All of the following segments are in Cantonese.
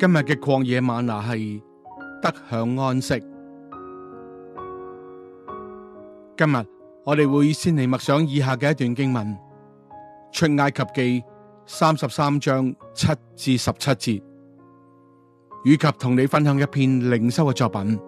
今日嘅曠野嗎哪係得享安息。今日我哋會先嚟默想以下嘅一段經文，《出埃及記》三十三章七至十七節，以及同你分享一篇靈修嘅作品。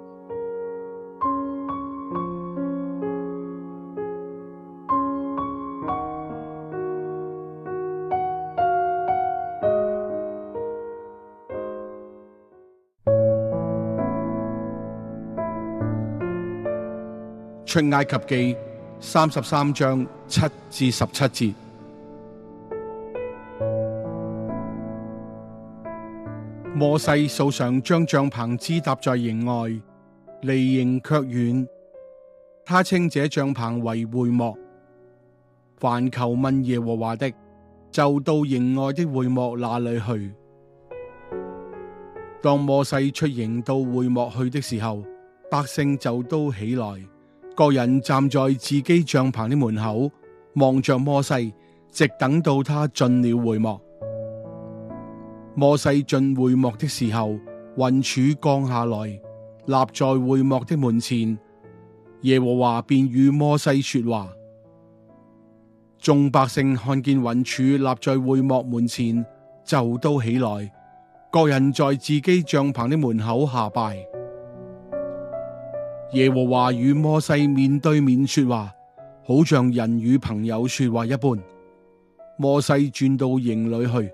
出埃及記三十三章七至十七節：摩西素常將帳篷支搭在營外，離營卻遠。他稱這帳篷為會幕。凡求問耶和華的，就到營外的會幕那裏去。當摩西出營到會幕去的時候，百姓就都起來。各人站在自己帳篷的門口，望着摩西，直等到他進了會幕。摩西進會幕的時候，雲柱降下來，立在會幕的門前。耶和華便與摩西說話。眾百姓看見雲柱立在會幕門前，就都起來，各人在自己帳篷的門口下拜。耶和華與摩西面對面說話，好像人與朋友說話一般。摩西轉到營裏去，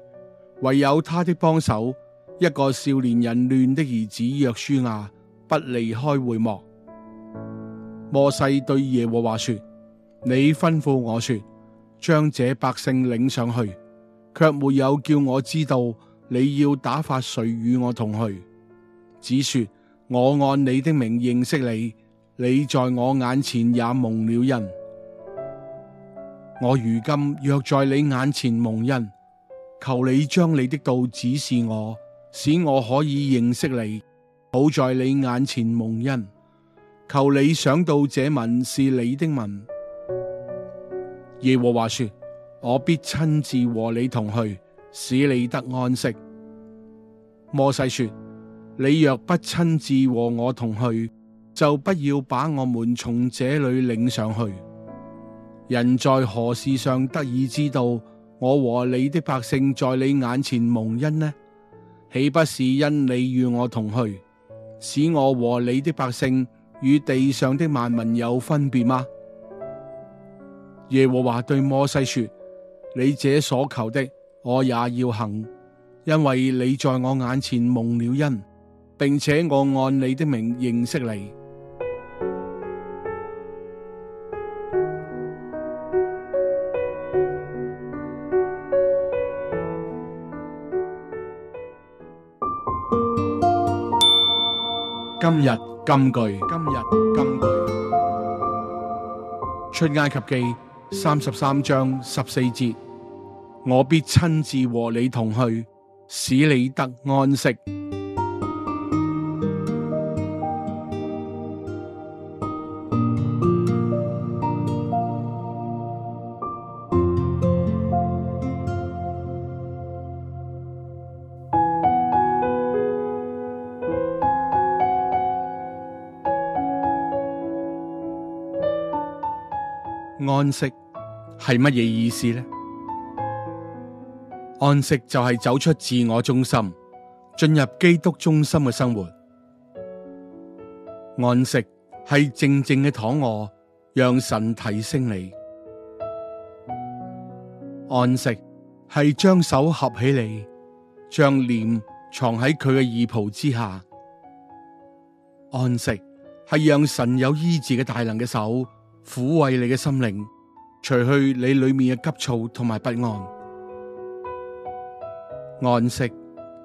唯有他的幫手一個少年人亂的兒子約書亞不離開會幕。摩西對耶和華說：你吩咐我說將這百姓領上去，却沒有叫我知道你要打發誰與我同去，只說：我按你的名認識你，你在我眼前也蒙了恩。我如今若在你眼前蒙恩，求你將你的道指示我，使我可以認識你，好在你眼前蒙恩。求你想到這民是你的民。耶和華說：我必親自和你同去，使你得安息。摩西說。你若不親自和我同去，就不要把我們從這裡領上去。人在何事上得以知道我和你的百姓在你眼前蒙恩呢？豈不是因你與我同去，使我和你的百姓與地上的萬民有分別嗎？耶和華對摩西說：你這所求的我也要行，因為你在我眼前蒙了恩。並且我按你的名認識你。今日金句，今日金句，出埃及記三十三章十四節，我必親自和你同去，使你得安息。安息係乜嘢意思呢？安息就係走出自我中心，進入基督中心嘅生活。安息係靜靜嘅躺臥，讓神提升你。安息係將手合起嚟，將臉藏喺佢嘅義袍之下。安息係讓神有醫治嘅大能嘅手，撫慰你嘅心靈，除去你裏面嘅急躁同埋不安。安息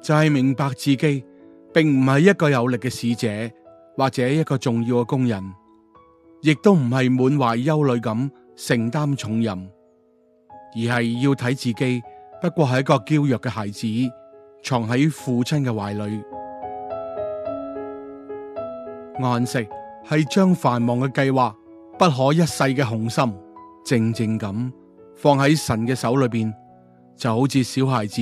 就係明白自己，並唔係一個有力嘅使者，或者一個重要嘅工人，亦都唔係滿懷憂慮咁承擔重任，而係要睇自己不過係一個嬌弱嘅孩子，藏喺父親嘅懷裏。安息係將繁忙嘅計劃。不可一世嘅雄心，靜靜咁放喺神嘅手裏邊，就好似小孩子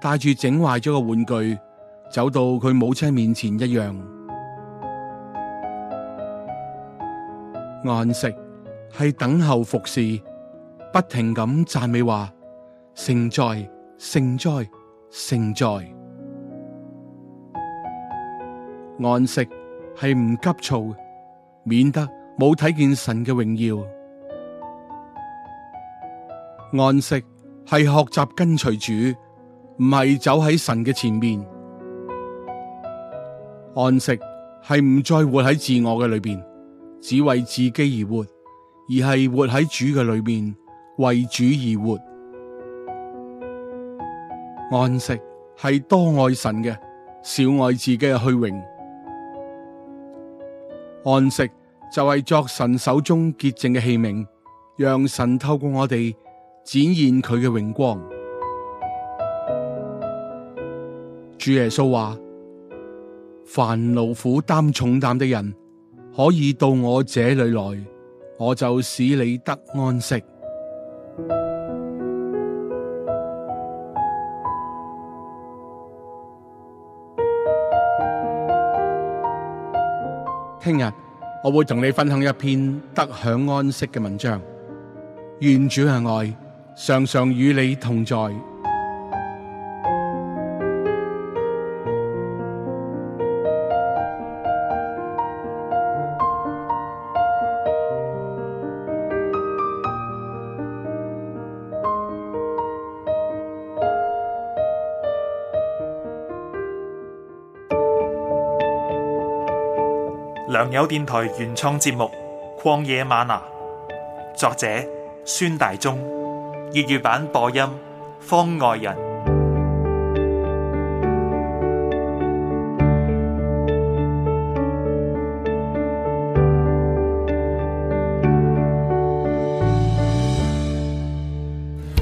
帶住整壞咗個玩具走到佢母親面前一樣。安息係等候服侍，不停咁讚美話：聖哉，聖哉，聖哉。安息係唔急躁，免得。冇睇見神嘅榮耀，安息係學習跟隨主，唔係走喺神嘅前面。安息係唔再活喺自我嘅裏邊，只為自己而活，而係活喺主嘅裏面，為主而活。安息係多愛神嘅，少愛自己嘅虛榮。安息。就係作神手中潔淨嘅器皿，讓神透過我哋展現佢嘅榮光。主耶穌話：「凡勞苦擔重擔的人，可以到我這裏來，我就使你得安息。」聽日。我會同你分享一篇得享安息嘅文章。願主嘅愛常常與你同在。良友電台原創節目《曠野嗎哪》，作者孫大中，粵語版播音方外人。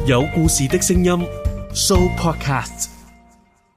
有故事的聲音，Show Podcast。